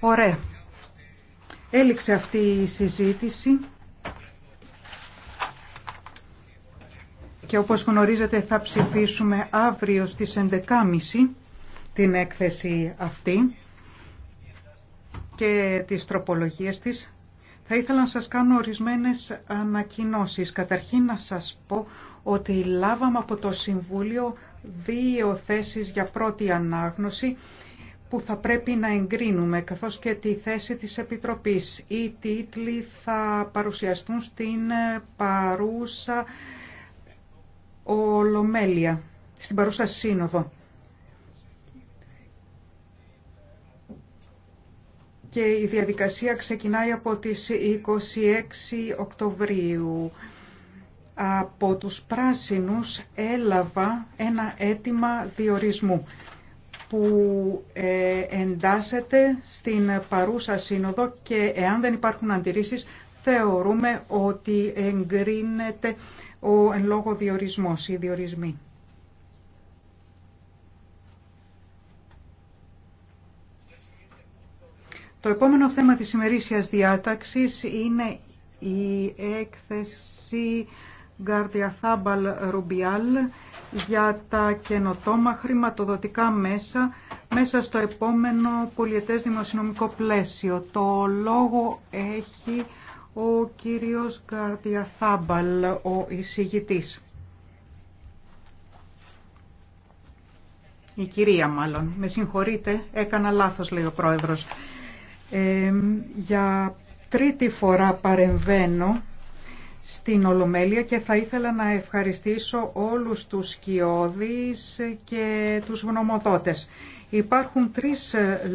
Ωραία. Έληξε αυτή η συζήτηση και όπως γνωρίζετε θα ψηφίσουμε αύριο στις 11.30 την έκθεση αυτή και τις τροπολογίες της. Θα ήθελα να σας κάνω ορισμένες ανακοινώσεις. Καταρχήν να σας πω ότι λάβαμε από το Συμβούλιο δύο θέσεις για πρώτη ανάγνωση που θα πρέπει να εγκρίνουμε, καθώς και τη θέση της Επιτροπής. Οι τίτλοι θα παρουσιαστούν στην ε, παρούσα Ολομέλεια, στην παρούσα Σύνοδο. Και η διαδικασία ξεκινάει από τις 26 Οκτωβρίου. Από τους πράσινους έλαβα ένα αίτημα διορισμού που ε, εντάσσεται στην παρούσα σύνοδο και εάν δεν υπάρχουν αντιρρήσεις θεωρούμε ότι εγκρίνεται ο εν λόγω διορισμός ή διορισμοί. Το επόμενο θέμα της ημερήσιας διάταξης είναι η διορισμη το επομενο θεμα Γκάρδια Θάμπαλ Ρουμπιάλ για τα καινοτόμα χρηματοδοτικά μέσα μέσα στο επόμενο πολιετές δημοσιονομικό πλαίσιο. Το λόγο έχει ο κύριος Καρδιαθάμπαλ, ο εισηγητής. Η κυρία μάλλον. Με συγχωρείτε, έκανα λάθος λέει ο πρόεδρος. Ε, για τρίτη φορά παρεμβαίνω στην Ολομέλεια και θα ήθελα να ευχαριστήσω όλους τους σκιώδεις και τους γνωμοδότες. Υπάρχουν τρεις